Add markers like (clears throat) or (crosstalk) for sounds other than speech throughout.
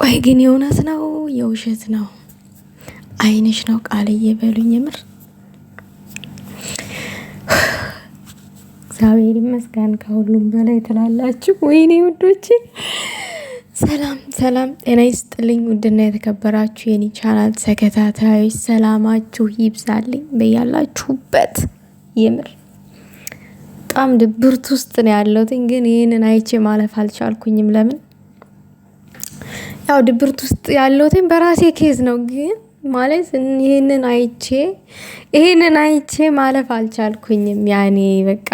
ቆይ ግን የእውነት ነው የውሸት ነው? አይንሽ ነው ቃል እየበሉኝ የምር እግዚአብሔር ይመስገን ከሁሉም በላይ ትላላችሁ። ወይኔ ውዶች ሰላም ሰላም፣ ጤና ይስጥልኝ። ውድና የተከበራችሁ የኔ ቻናል ተከታታዮች ሰላማችሁ ይብዛልኝ በያላችሁበት። የምር በጣም ድብርት ውስጥ ነው ያለሁት፣ ግን ይህንን አይቼ ማለፍ አልቻልኩኝም። ለምን ያው ድብርት ውስጥ ያለሁትን በራሴ ኬዝ ነው ግን ማለት ይህንን አይቼ ይህንን አይቼ ማለፍ አልቻልኩኝም። ያኔ በቃ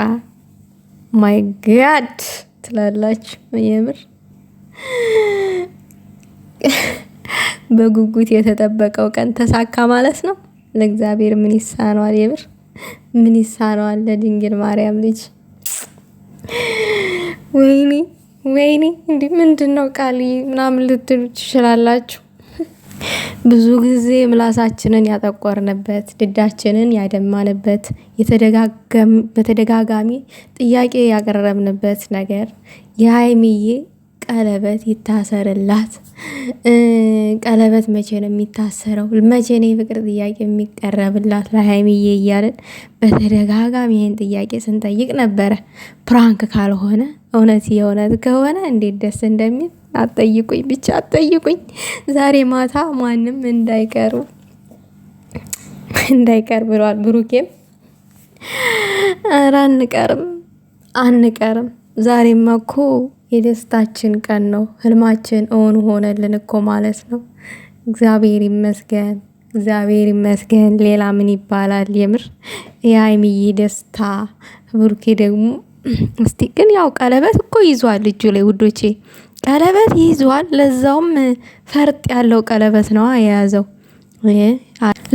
ማይ ጋድ ትላላችሁ። የምር በጉጉት የተጠበቀው ቀን ተሳካ ማለት ነው። ለእግዚአብሔር ምን ይሳነዋል? የምር ምን ይሳነዋል? ለድንግል ማርያም ልጅ ወይኔ ወይኔ እንዲህ ምንድን ነው ቃል ምናምን ልትሉ ትችላላችሁ። ብዙ ጊዜ ምላሳችንን ያጠቆርንበት ድዳችንን ያደማንበት በተደጋጋሚ ጥያቄ ያቀረብንበት ነገር የሀይሚዬ ቀለበት ይታሰርላት። ቀለበት መቼ ነው የሚታሰረው? መቼ ነው የፍቅር ጥያቄ የሚቀረብላት ለሀይሚዬ እያለን በተደጋጋሚ ይህን ጥያቄ ስንጠይቅ ነበረ። ፕራንክ ካልሆነ እውነት የእውነት ከሆነ እንዴት ደስ እንደሚል አጠይቁኝ ብቻ አጠይቁኝ ዛሬ ማታ ማንም እንዳይቀሩ እንዳይቀር ብሏል ብሩኬም። ኧረ አንቀርም አንቀርም ዛሬማ እኮ የደስታችን ቀን ነው። ህልማችን እውን ሆነልን እኮ ማለት ነው። እግዚአብሔር ይመስገን፣ እግዚአብሔር ይመስገን። ሌላ ምን ይባላል? የምር የሀይሚዬ ደስታ። ብሩኬ ደግሞ (clears throat) እስቲ ግን ያው ቀለበት እኮ ይዟል እጁ ላይ ውዶቼ፣ ቀለበት ይዟል። ለዛውም ፈርጥ ያለው ቀለበት ነዋ የያዘው።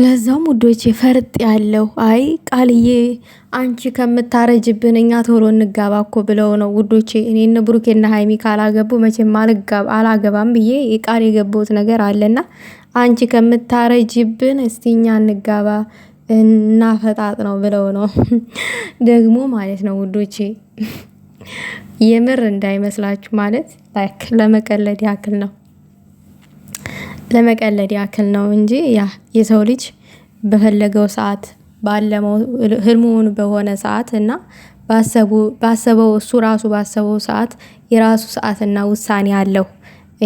ለዛውም ውዶቼ ፈርጥ ያለው አይ ቃልዬ አንቺ ከምታረጅብን እኛ ቶሎ እንጋባ እኮ ብለው ነው ውዶቼ። እኔን ብሩኬና ሀይሚ ካላገቡ መቼም አላገባም ብዬ ቃል የገባሁት ነገር አለና አንቺ ከምታረጅብን እስቲ እኛ እንጋባ እናፈጣጥ ነው ብለው ነው (laughs) ደግሞ ማለት ነው ውዶቼ። የምር እንዳይመስላችሁ ማለት ላይክ ለመቀለድ ያክል ነው። ለመቀለድ ያክል ነው እንጂ ያ የሰው ልጅ በፈለገው ሰዓት ባለመው ህልሙን በሆነ ሰዓት እና ባሰበው እሱ ራሱ ባሰበው ሰዓት የራሱ ሰዓትና ውሳኔ አለው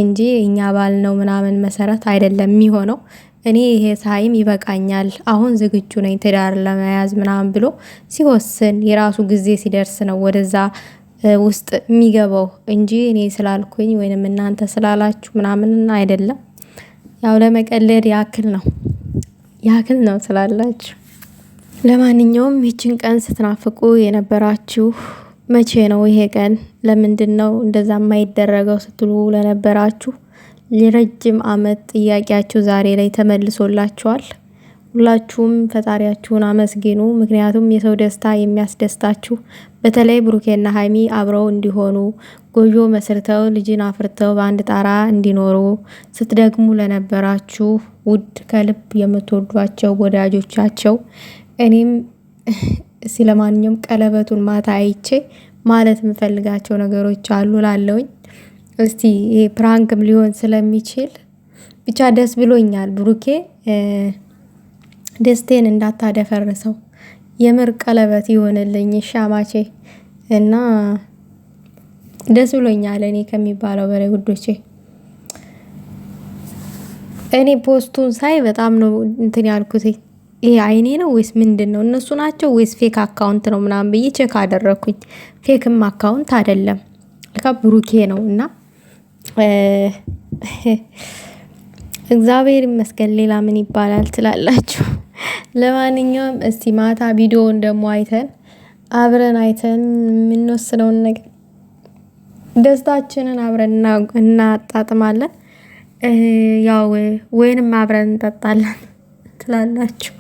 እንጂ እኛ ባልነው ምናምን መሰረት አይደለም የሚሆነው። እኔ ይሄ ሳይም ይበቃኛል፣ አሁን ዝግጁ ነኝ ትዳር ለመያዝ ምናምን ብሎ ሲወስን የራሱ ጊዜ ሲደርስ ነው ወደዛ ውስጥ የሚገባው እንጂ እኔ ስላልኩኝ ወይንም እናንተ ስላላችሁ ምናምን አይደለም። ያው ለመቀለድ ያክል ነው ያክል ነው ስላላችሁ። ለማንኛውም ይችን ቀን ስትናፍቁ የነበራችሁ መቼ ነው ይሄ ቀን ለምንድን ነው እንደዛ የማይደረገው ስትሉ ለነበራችሁ የረጅም ዓመት ጥያቄያችሁ ዛሬ ላይ ተመልሶላችኋል። ሁላችሁም ፈጣሪያችሁን አመስግኑ። ምክንያቱም የሰው ደስታ የሚያስደስታችሁ በተለይ ብሩኬና ሀይሚ አብረው እንዲሆኑ ጎጆ መስርተው ልጅን አፍርተው በአንድ ጣራ እንዲኖሩ ስትደግሙ ለነበራችሁ ውድ ከልብ የምትወዷቸው ወዳጆቻቸው እኔም ስለማንኛውም ቀለበቱን ማታ አይቼ ማለት የምፈልጋቸው ነገሮች አሉ ላለውኝ እስቲ ይሄ ፕራንክም ሊሆን ስለሚችል ብቻ ደስ ብሎኛል ብሩኬ ደስቴን እንዳታደፈርሰው የምር ቀለበት ይሆንልኝ ሻማቼ እና ደስ ብሎኛል። እኔ ከሚባለው በላይ ውዶቼ፣ እኔ ፖስቱን ሳይ በጣም ነው እንትን ያልኩት። ይሄ አይኔ ነው ወይስ ምንድን ነው? እነሱ ናቸው ወይስ ፌክ አካውንት ነው ምናምን ብዬ ቼክ አደረግኩኝ። ፌክም አካውንት አይደለም ብሩኬ ነው እና (laughs) እግዚአብሔር ይመስገን። ሌላ ምን ይባላል ትላላችሁ? ለማንኛውም እስቲ ማታ ቪዲዮውን ደግሞ አይተን አብረን አይተን የምንወስነውን ነገር ደስታችንን አብረን እናጣጥማለን። ያው ወይንም አብረን እንጠጣለን ትላላችሁ።